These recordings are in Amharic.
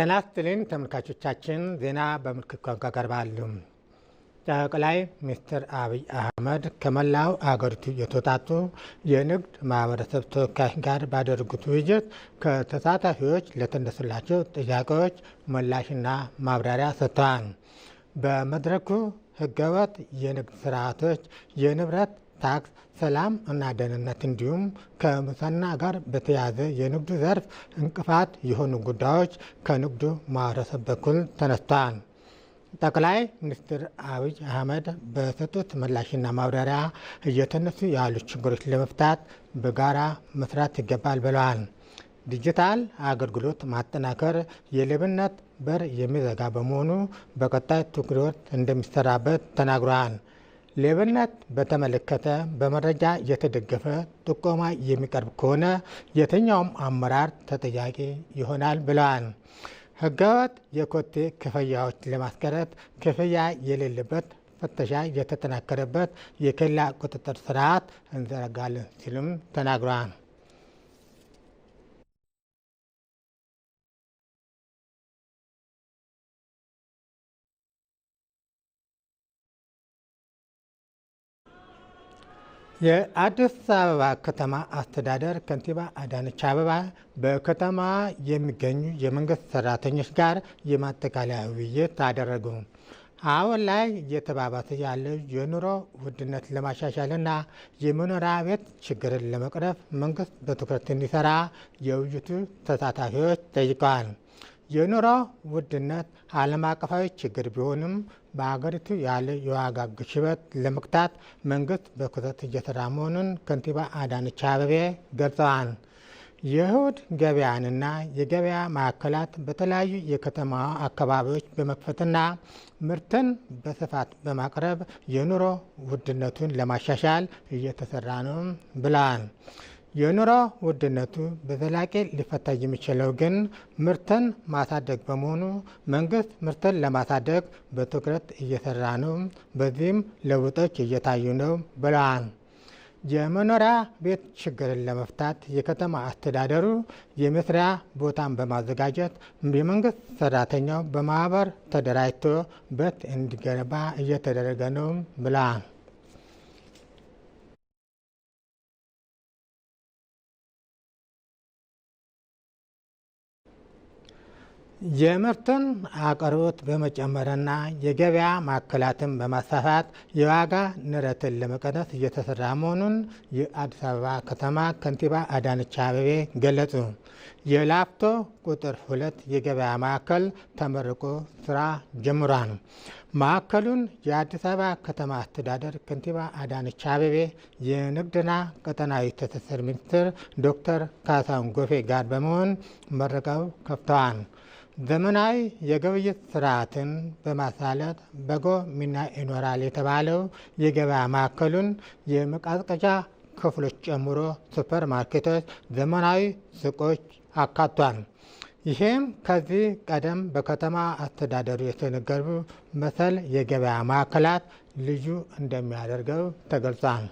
ጤና ይስጥልኝ ተመልካቾቻችን፣ ዜና በምልክት ቋንቋ ቀርባሉ። ጠቅላይ ሚኒስትር አብይ አህመድ ከመላው አገሪቱ የተውጣጡ የንግድ ማህበረሰብ ተወካዮች ጋር ባደረጉት ውይይት ከተሳታፊዎች ለተነሱላቸው ጥያቄዎች ምላሽና ማብራሪያ ሰጥተዋል። በመድረኩ ህገወጥ የንግድ ስርዓቶች፣ የንብረት ታክስ፣ ሰላም እና ደህንነት እንዲሁም ከሙስና ጋር በተያያዘ የንግዱ ዘርፍ እንቅፋት የሆኑ ጉዳዮች ከንግዱ ማህበረሰብ በኩል ተነስቷል። ጠቅላይ ሚኒስትር አብይ አህመድ በሰጡት ምላሽና ማብራሪያ እየተነሱ ያሉ ችግሮች ለመፍታት በጋራ መስራት ይገባል ብለዋል። ዲጂታል አገልግሎት ማጠናከር የሌብነት በር የሚዘጋ በመሆኑ በቀጣይ ትኩረት እንደሚሰራበት ተናግረዋል። ሌብነት በተመለከተ በመረጃ የተደገፈ ጥቆማ የሚቀርብ ከሆነ የትኛውም አመራር ተጠያቂ ይሆናል ብለዋል። ህገወጥ የኮቴ ክፍያዎች ለማስቀረት ክፍያ የሌለበት ፍተሻ የተጠናከረበት የኬላ ቁጥጥር ስርዓት እንዘረጋለን ሲሉም ተናግሯል የአዲስ አበባ ከተማ አስተዳደር ከንቲባ አዳነች አበባ በከተማ የሚገኙ የመንግስት ሰራተኞች ጋር የማጠቃለያ ውይይት አደረጉ። አሁን ላይ እየተባባሰ ያለው የኑሮ ውድነት ለማሻሻልና የመኖሪያ ቤት ችግርን ለመቅረፍ መንግስት በትኩረት እንዲሰራ የውይይቱ ተሳታፊዎች ጠይቀዋል። የኑሮ ውድነት ዓለም አቀፋዊ ችግር ቢሆንም በሀገሪቱ ያለ የዋጋ ግሽበት ለመግታት መንግስት በክተት እየሰራ መሆኑን ከንቲባ አዳነች አበቤ ገልጸዋል። የእሁድ ገበያንና የገበያ ማዕከላት በተለያዩ የከተማ አካባቢዎች በመክፈትና ምርትን በስፋት በማቅረብ የኑሮ ውድነቱን ለማሻሻል እየተሰራ ነው ብለዋል። የኑሮ ውድነቱ በዘላቂ ሊፈታ የሚችለው ግን ምርትን ማሳደግ በመሆኑ መንግስት ምርትን ለማሳደግ በትኩረት እየሰራ ነው። በዚህም ለውጦች እየታዩ ነው ብለዋል። የመኖሪያ ቤት ችግርን ለመፍታት የከተማ አስተዳደሩ የመስሪያ ቦታን በማዘጋጀት የመንግስት ሰራተኛው በማህበር ተደራጅቶ ቤት እንዲገነባ እየተደረገ ነው ብለዋል። የምርትን አቅርቦት በመጨመርና የገበያ ማዕከላትን በማስፋፋት የዋጋ ንረትን ለመቀነስ እየተሰራ መሆኑን የአዲስ አበባ ከተማ ከንቲባ አዳነች አበቤ ገለጹ። የላፍቶ ቁጥር ሁለት የገበያ ማዕከል ተመርቆ ስራ ጀምሯል። ማዕከሉን የአዲስ አበባ ከተማ አስተዳደር ከንቲባ አዳነች አበቤ የንግድና ቀጠናዊ ትስስር ሚኒስትር ዶክተር ካሳሁን ጎፌ ጋር በመሆን መርቀው ከፍተዋል። ዘመናዊ የግብይት ስርዓትን በማሳለጥ በጎ ሚና ይኖራል የተባለው የገበያ ማዕከሉን የመቀዝቀዣ ክፍሎች ጨምሮ ሱፐር ማርኬቶች፣ ዘመናዊ ሱቆች አካቷል። ይህም ከዚህ ቀደም በከተማ አስተዳደሩ የተነገሩ መሰል የገበያ ማዕከላት ልዩ እንደሚያደርገው ተገልጿል።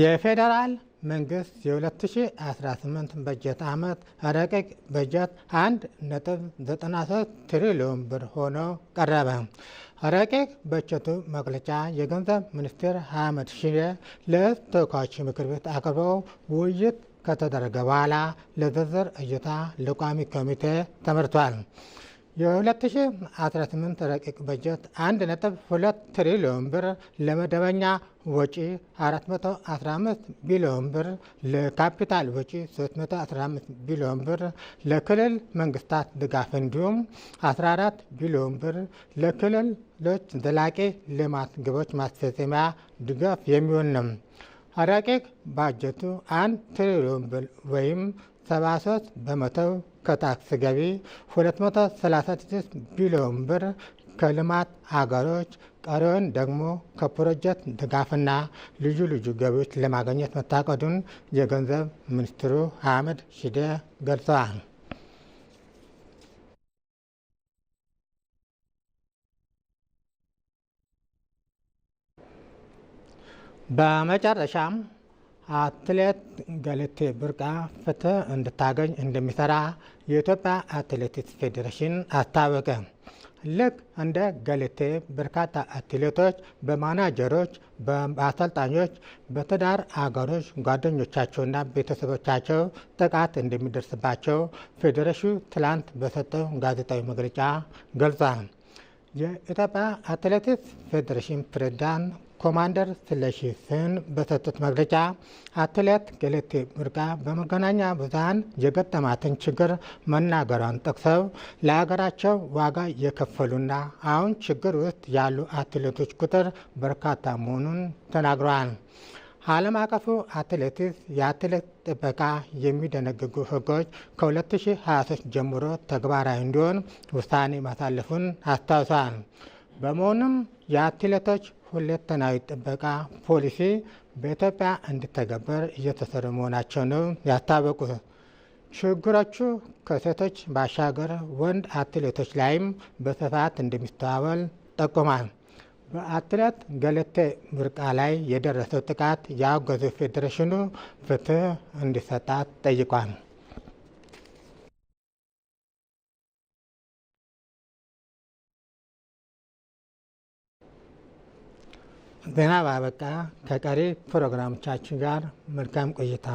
የፌዴራል መንግስት የ2018 በጀት ዓመት ረቂቅ በጀት 1.93 ትሪሊዮን ብር ሆኖ ቀረበ። ረቂቅ በጀቱ መግለጫ የገንዘብ ሚኒስትር አህመድ ሺዴ ለህዝብ ተወካዮች ምክር ቤት አቅርበው ውይይት ከተደረገ በኋላ ለዝርዝር እይታ ለቋሚ ኮሚቴ ተመርቷል። የ2018 ረቂቅ በጀት አንድነ2 ትሪሊዮን ብር ለመደበኛ ወጪ 415 ቢሊዮን ብር፣ ለካፒታል ወጪ 315 ቢሊዮን ብር፣ ለክልል መንግስታት ድጋፍ እንዲሁም 14 ቢሊዮን ብር ለክልሎች ዘላቂ ልማት ግቦች ማስፈጸሚያ ድጋፍ የሚሆን ነው። ረቂቅ ባጀቱ 1 ትሪሊዮን ብር ወይም 73 በመቶ ከታክስ ገቢ 236 ቢሊዮን ብር ከልማት አገሮች ቀሪውን ደግሞ ከፕሮጀክት ድጋፍና ልዩ ልዩ ገቢዎች ለማግኘት መታቀዱን የገንዘብ ሚኒስትሩ አህመድ ሺዴ ገልጸዋል። በመጨረሻም አትሌት ገለቴ ቡርቃ ፍትህ እንድታገኝ እንደሚሰራ የኢትዮጵያ አትሌቲክስ ፌዴሬሽን አስታወቀ። ልክ እንደ ገለቴ በርካታ አትሌቶች በማናጀሮች፣ በአሰልጣኞች፣ በትዳር አጋሮች፣ ጓደኞቻቸውና ቤተሰቦቻቸው ጥቃት እንደሚደርስባቸው ፌዴሬሽኑ ትላንት በሰጠው ጋዜጣዊ መግለጫ ገልጿል። የኢትዮጵያ አትሌቲክስ ፌዴሬሽን ፕሬዝዳንት ኮማንደር ስለሺ ስህን በሰጡት መግለጫ አትሌት ገለቴ ቡርቃ በመገናኛ ብዙኃን የገጠማትን ችግር መናገሯን ጠቅሰው ለሀገራቸው ዋጋ የከፈሉና አሁን ችግር ውስጥ ያሉ አትሌቶች ቁጥር በርካታ መሆኑን ተናግረዋል። ዓለም አቀፉ አትሌቲክስ የአትሌት ጥበቃ የሚደነግጉ ህጎች ከ2023 ጀምሮ ተግባራዊ እንዲሆን ውሳኔ ማሳለፉን አስታውሷል። በመሆኑም የአትሌቶች ሁለንተናዊ ጥበቃ ፖሊሲ በኢትዮጵያ እንዲተገበር እየተሰሩ መሆናቸው ነው ያስታወቁት። ችግሮቹ ከሴቶች ባሻገር ወንድ አትሌቶች ላይም በስፋት እንደሚስተዋወል ጠቁሟል። በአትሌት ገለቴ ቡርቃ ላይ የደረሰው ጥቃት ያወገዙ ፌዴሬሽኑ ፍትህ እንዲሰጣት ጠይቋል። ዜና ባበቃ። ከቀሪ ፕሮግራሞቻችን ጋር መልካም ቆይታ